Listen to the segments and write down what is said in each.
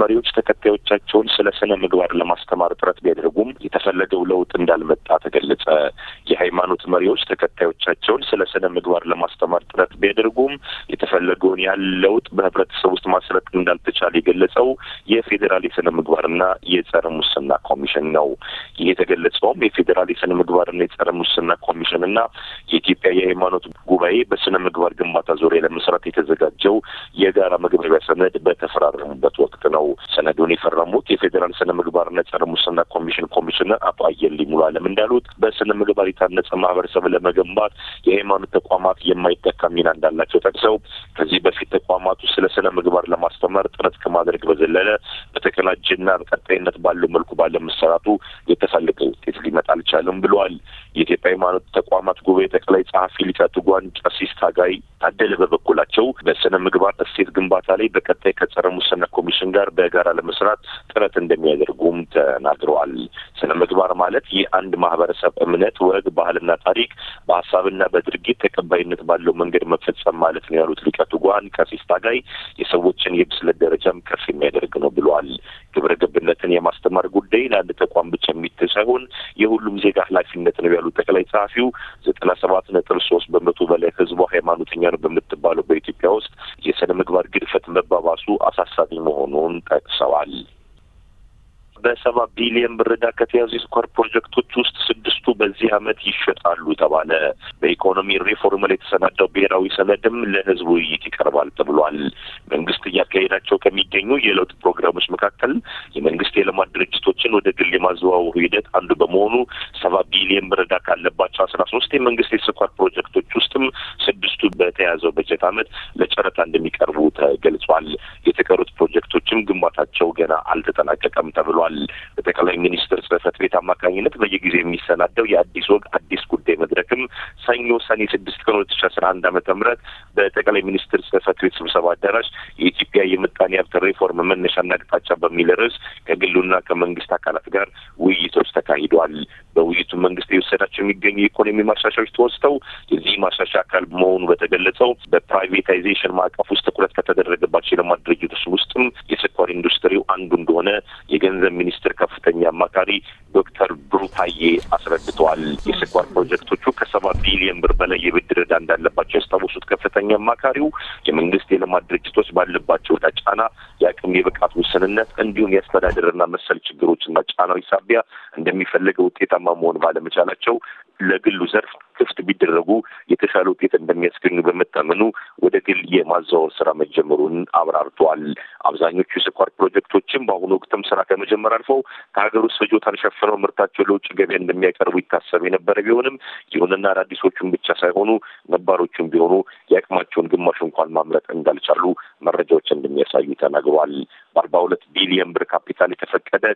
መሪዎች ተከታዮቻቸውን ስለ ስነ ምግባር ለማስተማር ጥረት ቢያደርጉም የተፈለገው ለውጥ እንዳልመጣ ተገለጸ። የሃይማኖት መሪዎች ተከታዮቻቸውን ስለ ስነ ምግባር ለማስተማር ጥረት ቢያደርጉም የተፈለገውን ያህል ለውጥ በህብረተሰብ ውስጥ ማስረጥ እንዳልተቻለ የገለጸው የፌዴራል የስነ ምግባርና የጸረ ሙስና ኮሚሽን ነው። ይህ የተገለጸውም የፌዴራል የስነ ምግባርና የጸረ ሙስና ኮሚሽንና የኢትዮጵያ የሃይማኖት ጉባኤ በስነ ምግባር ግንባታ ዙሪያ ለመስራት የተዘጋጀው የጋራ መግባቢያ ሰነድ በተፈራረሙበት ወቅት ነው። ሰነዱን የፈረሙት የፌዴራል ስነ ምግባርና ጸረ ሙስና ኮሚሽን ኮሚሽነር አቶ አየል ሙሉ አለም እንዳሉት በስነ ምግባር የታነጸ ማህበረሰብ ለመገንባት የሃይማኖት ተቋማት የማይተካ ሚና እንዳላቸው ጠቅሰው ከዚህ በፊት ተቋማቱ ስለ ስነ ምግባር ለማስተማር ጥረት ከማድረግ በዘለለ በተቀናጅና ቀጣይነት ባለው መልኩ ባለመሰራቱ የተፈለገ ውጤት ሊመጣ አልቻለም ብለዋል። የኢትዮጵያ ሃይማኖት ተቋማት ጉባኤ ጠቅላይ ጸሐፊ ሊቀቱ ጓንጫ ሲስ ታጋይ ታደለ በበኩላቸው በስነ ምግባር እሴት ግንባታ ላይ በቀጣይ ከጸረ ሙስና ኮሚሽን ጋር በጋራ ለመስራት ጥረት እንደሚያደርጉም ተናግረዋል። ስነ ምግባር ማለት የአንድ ማህበረሰብ እምነት፣ ወግ፣ ባህልና ታሪክ በሀሳብና በድርጊት ተቀባይነት ባለው መንገድ መፈጸም ማለት ነው ያሉት ሊቀቱ ጓን ቀሲስ ታጋይ የሰዎችን የብስለት ደረጃም ከፍ የሚያደርግ ነው ብለዋል። ግብረ ገብነትን የማስተማር ጉዳይ ለአንድ ተቋም ብቻ የሚት ሳይሆን የሁሉም ዜጋ ኃላፊነት ነው ያሉት ጠቅላይ ጸሐፊው ዘጠና ሰባት ነጥብ ሶስት በመቶ በላይ ህዝቧ ሃይማኖተኛ ነው በምትባለው በኢትዮጵያ ውስጥ የስነ ምግባር ግድፈት መባባሱ አሳሳቢ መሆኑን ጠቅሰዋል። በሰባ ቢሊየን ብር ዕዳ ከተያዙ የስኳር ፕሮጀክቶች ውስጥ ስድስት በዚህ አመት ይሸጣሉ ተባለ። በኢኮኖሚ ሪፎርም ላይ የተሰናዳው ብሔራዊ ሰነድም ለህዝቡ ውይይት ይቀርባል ተብሏል። መንግስት እያካሄዳቸው ከሚገኙ የለውጥ ፕሮግራሞች መካከል የመንግስት የልማት ድርጅቶችን ወደ ግል የማዘዋወሩ ሂደት አንዱ በመሆኑ ሰባ ቢሊየን ብረዳ ካለባቸው አስራ ሶስት የመንግስት የስኳር ፕሮጀክቶች ውስጥም ስድስቱ በተያዘው በጀት አመት ለጨረታ እንደሚቀርቡ ተገልጿል። የተቀሩት ፕሮጀክቶችም ግንባታቸው ገና አልተጠናቀቀም ተብሏል። በጠቅላይ ሚኒስትር ጽህፈት ቤት አማካኝነት በየጊዜ የሚሰናደው የአዲስ ወግ አዲስ ጉዳይ መድረክም ሰኞ ሰኔ ስድስት ቀን ሁለት ሺ አስራ አንድ ዓመተ ምህረት በጠቅላይ ሚኒስትር ጽህፈት ቤት ስብሰባ አዳራሽ የኢትዮጵያ የምጣኔ ሀብት ሪፎርም መነሻና አቅጣጫ በሚል ርዕስ ከግሉና ከመንግስት አካላት ጋር ውይይቶች ተካሂደዋል። በውይይቱ መንግስት የወሰዳቸው የሚገኙ የኢኮኖሚ ማሻሻዎች ተወስተው የዚህ ማሻሻያ አካል መሆኑ በተገለጸው በፕራይቬታይዜሽን ማዕቀፍ ውስጥ ትኩረት ከተደረገባቸው የልማት ድርጅቶች ውስጥም የስኳር ኢንዱስትሪው አንዱ እንደሆነ የገንዘብ ሚኒስትር ከፍተኛ አማካሪ ዶክተር ብሩታዬ አስረድተዋል። የስኳር ፕሮጀክቶቹ ከሰባ ቢሊዮን ብር በላይ የብድር ዕዳ እንዳለባቸው ያስታወሱት ከፍተኛ አማካሪው የመንግስት የልማት ድርጅቶች ባለባቸው ዕዳ ጫና፣ የአቅም የብቃት ውስንነት እንዲሁም የአስተዳደርና መሰል ችግሮችና ጫናዊ ሳቢያ እንደሚፈለገው ውጤታማ መሆን ባለመቻላቸው ለግሉ ዘርፍ ቢደረጉ የተሻለ ውጤት እንደሚያስገኙ በመታመኑ ወደ ግል የማዛወር ስራ መጀመሩን አብራርቷል። አብዛኞቹ የስኳር ፕሮጀክቶችም በአሁኑ ወቅትም ስራ ከመጀመር አልፈው ከሀገር ውስጥ ፍጆታን ሸፍነው ምርታቸው ለውጭ ገበያ እንደሚያቀርቡ ይታሰብ የነበረ ቢሆንም ይሁንና አዳዲሶቹን ብቻ ሳይሆኑ ነባሮቹም ቢሆኑ የአቅማቸውን ግማሽ እንኳን ማምረት እንዳልቻሉ መረጃዎች እንደሚያሳዩ ተናግሯል። በአርባ ሁለት ቢሊየን ብር ካፒታል የተፈቀደ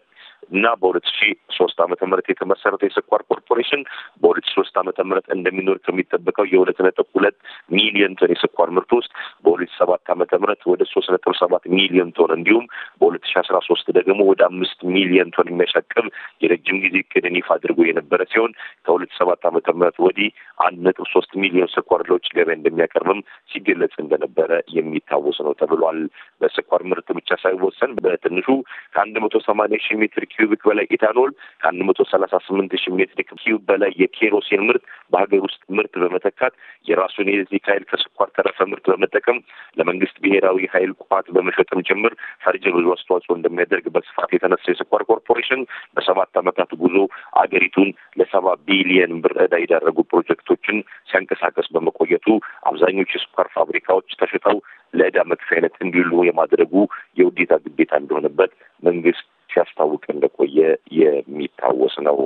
እና በሁለት ሺ ሶስት አመተ ምህረት የተመሰረተ የስኳር ኮርፖሬሽን በሁለት ሺ ሶስት አመተ ምህረት እንደሚኖር ከሚጠበቀው የሁለት ነጥብ ሁለት ሚሊዮን ቶን የስኳር ምርት ውስጥ በሁለት ሺ ሰባት አመተ ምህረት ወደ ሶስት ነጥብ ሰባት ሚሊዮን ቶን እንዲሁም በሁለት ሺ አስራ ሶስት ደግሞ ወደ አምስት ሚሊዮን ቶን የሚያሻቅብ የረጅም ጊዜ እቅድን ይፋ አድርጎ የነበረ ሲሆን ከሁለት ሺ ሰባት አመተ ምህረት ወዲህ አንድ ነጥብ ሶስት ሚሊዮን ስኳር ለውጭ ገበያ እንደሚያቀርብም ሲገለጽ እንደነበረ የሚታወስ ነው ተብሏል። በስኳር ምርት ብቻ ሳይወሰን በትንሹ ከአንድ መቶ ሰማንያ ሺህ ሜትር ኪዩቢክ በላይ ኢታኖል ከአንድ መቶ ሰላሳ ስምንት ሺ ሜትሪክ ኪዩብ በላይ የኬሮሴን ምርት በሀገር ውስጥ ምርት በመተካት የራሱን የዚህ ኃይል ከስኳር ተረፈ ምርት በመጠቀም ለመንግስት ብሔራዊ ኃይል ቋት በመሸጥም ጭምር ፈርጅ ብዙ አስተዋጽኦ እንደሚያደርግ በስፋት የተነሳ የስኳር ኮርፖሬሽን በሰባት ዓመታት ጉዞ አገሪቱን ለሰባ ቢሊየን ብር እዳ የዳረጉ ፕሮጀክቶችን ሲያንቀሳቀስ በመቆየቱ አብዛኞቹ የስኳር ፋብሪካዎች ተሽጠው ለዕዳ መክፈያነት እንዲውሉ የማድረጉ የውዴታ ግዴታ እንደሆነበት መንግስት ሲያስታውቅ እንደቆየ የሚታወስ ነው።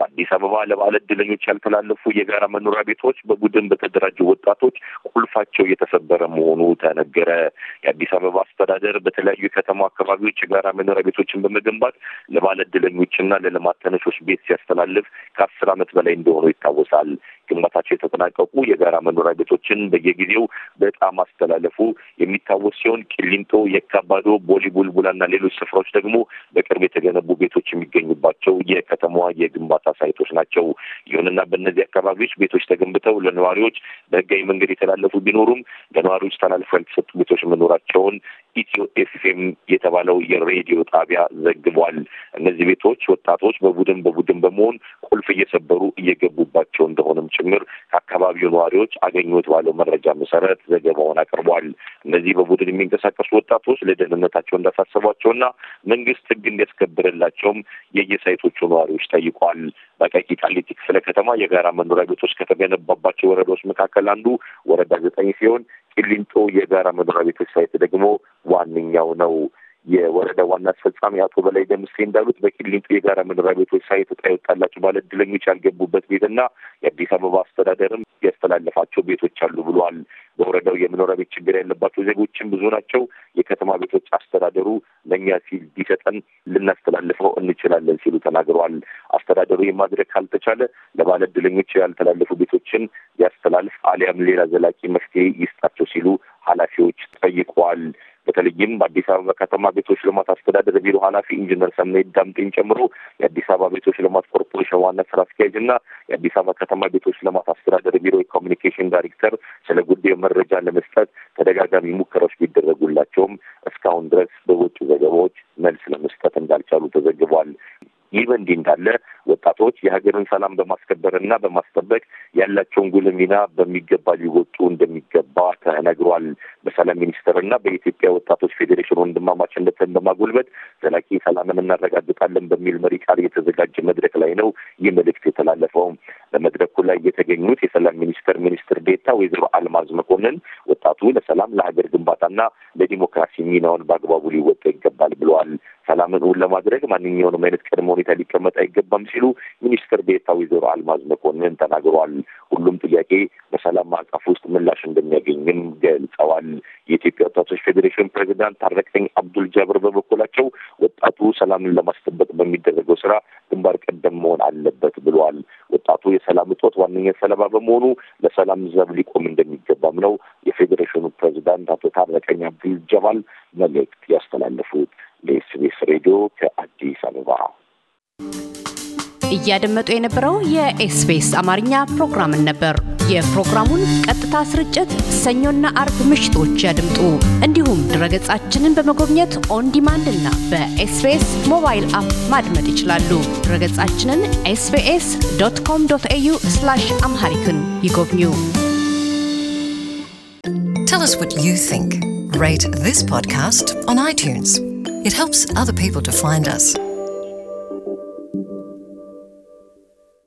በአዲስ አበባ ለባለ ዕድለኞች ያልተላለፉ የጋራ መኖሪያ ቤቶች በቡድን በተደራጁ ወጣቶች ቁልፋቸው እየተሰበረ መሆኑ ተነገረ። የአዲስ አበባ አስተዳደር በተለያዩ የከተማ አካባቢዎች የጋራ መኖሪያ ቤቶችን በመገንባት ለባለ እድለኞችና ለልማት ተነሾች ቤት ሲያስተላልፍ ከአስር ዓመት በላይ እንደሆኑ ይታወሳል። ግንባታቸው የተጠናቀቁ የጋራ መኖሪያ ቤቶችን በየጊዜው በጣም ማስተላለፉ የሚታወስ ሲሆን ቂሊንጦ፣ የካባዶ፣ ቦሌ እና ሌሎች ስፍራዎች ደግሞ በቅርብ የተገነቡ ቤቶች የሚገኙባቸው የከተማዋ የግንባታ ሳይቶች ናቸው። ይሁንና በእነዚህ አካባቢዎች ቤቶች ተገንብተው ለነዋሪዎች በህጋዊ መንገድ የተላለፉ ቢኖሩም ለነዋሪዎች ተላልፈው ያልተሰጡ ቤቶች መኖራቸውን ኢትዮ ኤፍኤም የተባለው የሬዲዮ ጣቢያ ዘግቧል። እነዚህ ቤቶች ወጣቶች በቡድን በቡድን በመሆን ቁልፍ እየሰበሩ እየገቡባቸው እንደሆነም ጭምር ከአካባቢው ነዋሪዎች አገኙት ባለው መረጃ መሰረት ዘገባውን አቅርቧል። እነዚህ በቡድን የሚንቀሳቀሱ ወጣቶች ለደህንነታቸው እንዳሳሰቧቸውና መንግስት ህግ እንዲያስከብርላቸውም የየሳይቶቹ ነዋሪዎች ጠይቋል። በቀቂ ቃሊቲ ክፍለ ከተማ የጋራ መኖሪያ ቤቶች ከተገነባባቸው ወረዳዎች መካከል አንዱ ወረዳ ዘጠኝ ሲሆን ቂሊንጦ የጋራ መኖሪያ ቤቶች ሳይት ደግሞ ዋነኛው ነው። የወረዳ ዋና አስፈጻሚ አቶ በላይ ደምሴ እንዳሉት በቂሊንጦ የጋራ መኖሪያ ቤቶች ሳይት ዕጣ የወጣላቸው ባለ ዕድለኞች ያልገቡበት ቤትና የአዲስ አበባ አስተዳደርም ያስተላለፋቸው ቤቶች አሉ ብለዋል። በወረዳው የመኖሪያ ቤት ችግር ያለባቸው ዜጎችም ብዙ ናቸው። የከተማ ቤቶች አስተዳደሩ ለእኛ ሲል ቢሰጠን ልናስተላልፈው እንችላለን ሲሉ ተናግረዋል። አስተዳደሩ የማድረግ ካልተቻለ ለባለ ያልተላለፉ ቤቶችን ያስተላልፍ አሊያም ሌላ ዘላቂ መፍትሄ ይስጣቸው ሲሉ ኃላፊዎች ጠይቀዋል። በተለይም በአዲስ አበባ ከተማ ቤቶች ልማት አስተዳደር ቢሮ ኃላፊ ኢንጂነር ሰሜ ዳምጤን ጨምሮ የአዲስ አበባ ቤቶች ልማት ኮርፖሬሽን ዋና ስራ አስኪያጅ እና የአዲስ አበባ ከተማ ቤቶች ልማት አስተዳደር ቢሮ የኮሚኒኬሽን ዳይሬክተር ስለ ጉዳዩ መረጃ ለመስጠት ተደጋጋሚ ሙከራዎች ቢደረጉላቸውም እስካሁን ድረስ በውጭ ዘገባዎች መልስ ለመስጠት እንዳልቻሉ ተዘግቧል። ይህ በእንዲህ እንዳለ ወጣቶች የሀገርን ሰላም በማስከበርና በማስጠበቅ ያላቸውን ጉልህ ሚና በሚገባ ሊወጡ እንደሚገባ ተነግሯል። በሰላም ሚኒስቴርና በኢትዮጵያ ወጣቶች ፌዴሬሽን ወንድማማችነትን በማጎልበት ዘላቂ ሰላምን እናረጋግጣለን በሚል መሪ ቃል የተዘጋጀ መድረክ ላይ ነው ይህ መልእክት የተላለፈው። በመድረኩ ላይ የተገኙት የሰላም ሚኒስቴር ሚኒስትር ዴታ ወይዘሮ አልማዝ መኮንን ወጣቱ ለሰላም ለሀገር ግንባታና ለዲሞክራሲ ሚናውን በአግባቡ ሊወጣ ይገባል ብለዋል። ሰላምን እውን ለማድረግ ማንኛውንም አይነት ቅድመ ሁኔታ ሊቀመጥ አይገባም ሲሉ ሚኒስትር ቤታ ወይዘሮ አልማዝ መኮንን ተናግረዋል። ሁሉም ጥያቄ በሰላም ማዕቀፍ ውስጥ ምላሽ እንደሚያገኝም ገልጸዋል። የኢትዮጵያ ወጣቶች ፌዴሬሽን ፕሬዚዳንት ታረቀኝ አብዱል ጃብር በበኩላቸው ወጣቱ ሰላምን ለማስጠበቅ በሚደረገው ስራ ግንባር ቀደም መሆን አለበት ብለዋል። ወጣቱ የሰላም እጦት ዋነኛ ሰለባ በመሆኑ ለሰላም ዘብ ሊቆም እንደሚገባም ነው የፌዴሬሽኑ ፕሬዚዳንት አቶ ታረቀኝ አብዱል ጀባል መልእክት ያስተላለፉት። ለኤስቤስ ሬዲዮ ከአዲስ አበባ እያደመጡ የነበረው የኤስቢኤስ አማርኛ ፕሮግራምን ነበር። የፕሮግራሙን ቀጥታ ስርጭት ሰኞና አርብ ምሽቶች ያድምጡ። እንዲሁም ድረገጻችንን በመጎብኘት ኦንዲማንድ እና በኤስቢኤስ ሞባይል አፕ ማድመጥ ይችላሉ። ድረገጻችንን ኤስቤስ ዶት ኮም ዶት ኤዩ አምሃሪክን ይጎብኙ። Tell us what you think. Rate this podcast on iTunes. It helps other people to find us.